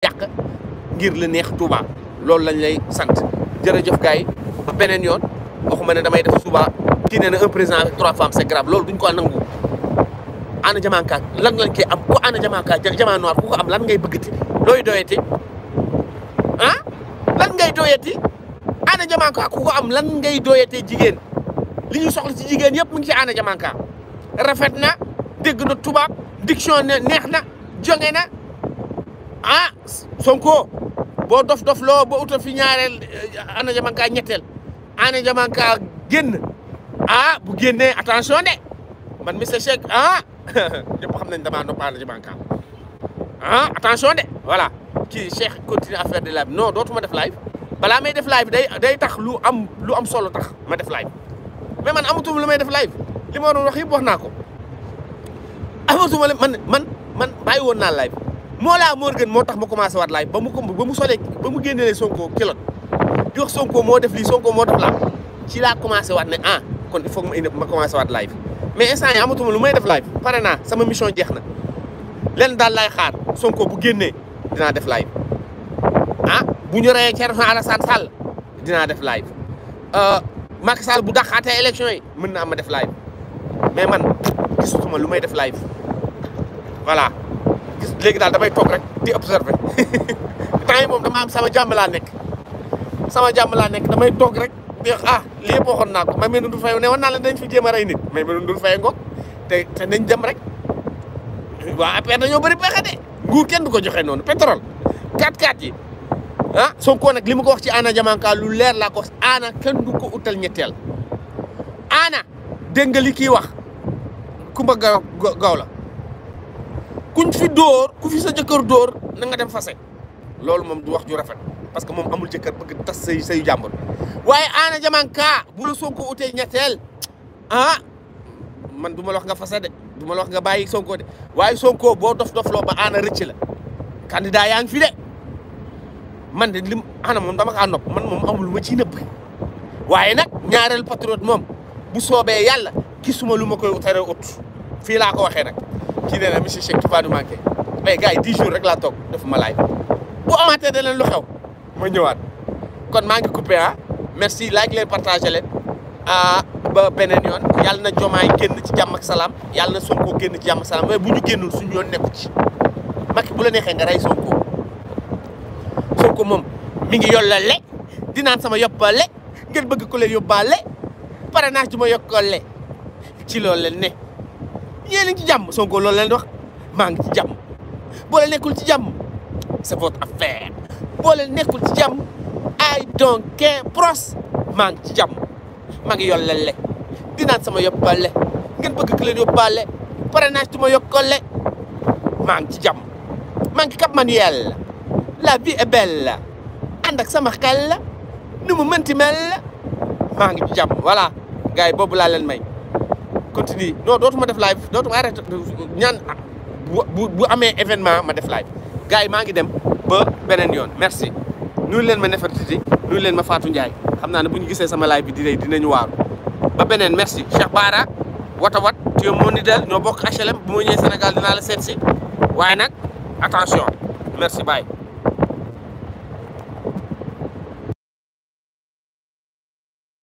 yàq ngir la neex Touba loolu lañ lay sant jërëjëf gars yi ba beneen yoon waxuma ne damay def suba kii nee na un président avec trois femmes c'est grave loolu duñ ko nangu ana jamanka lan lañ koy am ku ana jamanka jamaa noir ku ko am lan ngay bëggati looy doyati lan ngay doyati ana jamanka ko am lan ngay doyatee jigéen li ñu soxla si jigéen yëpp mu ngi ci ana jamanka rafet na dégg na tubaab diction ne neex na jonge na ah Sonko boo dof dof loo ba utal fi ñaareel eh, Anna Diamanka ñetteel Anna Diamanka génn ah bu génnee attention de man monsieur Cheikh ah ñëpp xam nañ damaa nopp Anna Diamanka ah attention de voilà kii Cheikh continue à faire de live non dootuma def live balaa may def live day day tax lu am lu am solo tax ma def live mais man amatuma lu may def live li ma waroon wax yëpp wax naa ko amatuma man man man bàyyi woon naa live moo Morgun moo tax ma commencé waat laay ba mu ko ba mu solee ba mu génnee Sonko kilot di wax Sonko moo def lii Sonko moo def laa commencé waat ne ah kon il faut ma commencé waat live mais instant yi amatuma lu may def live pare naa sama mission jeex na lenn daal lay xaar Sonko bu génnee dinaa def live ah bu ñu reyee Thierno Alassane Sall dinaa def live euh, Macky Sall bu daxaatee élection yi mën naa ma def live mais man gisutuma lu may def live voilà gis léegi daal damay toog rek di observer temps yi moom dama am sama jàmm laa nekk sama jàmm laa nekk damay toog rek di ah lii yëpp waxoon naa ko may mel du Ndour Faye ne woon naa dañ fi jéem a rey nit may mel ni Ndour Faye ngoog te te nañ dem rek waa APR dañoo bëri pexe de nguur kenn du ko joxe noonu pétrole 4-4 yi ah, soo ko nag li mu ko wax ci Anna Diamanka lu leer laa ko Anna kenn du ko utal ñetteel Anna dégg nga li kii wax Kumba Gaw Gaw la kuñ fi dóor ku fi sa jëkkër dóor na nga dem fase loolu moom du wax ju rafet parce que moom amul jëkkër bëgg tas say sayu jàmbur waaye Anna Diamanka bu la Sonko utee ñetteel ah man du ma wax nga fase de du ma wax nga bàyyi Sonko de waaye Sonko boo dof-dof loo ba Anna rëcc la candidat yaa ngi fi de man de lim Anna moom dama kaa nopp man moom amul lu ma ciy nëbb waaye nag ñaareel patriote moom bu soobee yàlla suma lu ma koy tere ut fii laa ko waxee nag kii nee na monsieur Cheikh Tifanou Manké mais gars yi 10 jours rek laa toog def ma live bu amaatee da leen lu xew ma ñëwaat kon maa ngi coupé ah. merci laaj leen partagé leen ah, ba beneen yoon yàlla na Diomaye génn ci jàmm ak salaam yàlla na Sonko génn ci jàmm ak salaam mais bu ñu génnul suñu yoon nekku ci Macky bu la neexee nga rey Sonko Sonko moom mi ngi yollale dinaan sama yoppale ngeen bëgg ko leen yóbbaale parrainage du ma yokkale ci loolu la ne. yéen a ci jàmm soo loolu leen wax maa ngi ci jàmm boo nekkul ci jàmm c'est votre affaire boo leen nekkul ci jàmm I don't care pros maa ngi ci jàmm maa ngi yolleel le dinaan sama yóbbaale ngeen bëgg ku leen yóbbaale parrainage tuma yokkole maa ngi ci jàmm maa ngi Cap Manuel la vie est belle ànd ak sama kal nu mu mënti mel maa ngi ci jàmm voilà gaay yi boobu laa may continue non dootuma def live dootuma arrêté ñaan bu bu amee événement ma def live gars yi maa ngi dem ba beneen yoon merci nuyu leen ma Nefertiti nuyu leen ma faatu Ndiaye xam naa ne bu ñu gisee sama live bi di dinañu waaru ba beneen merci Cheikh Bara watawat tu es mon idole ñoo bokk HLM bu ma ñëwee Sénégal dinaa la seet si waaye nag attention merci bye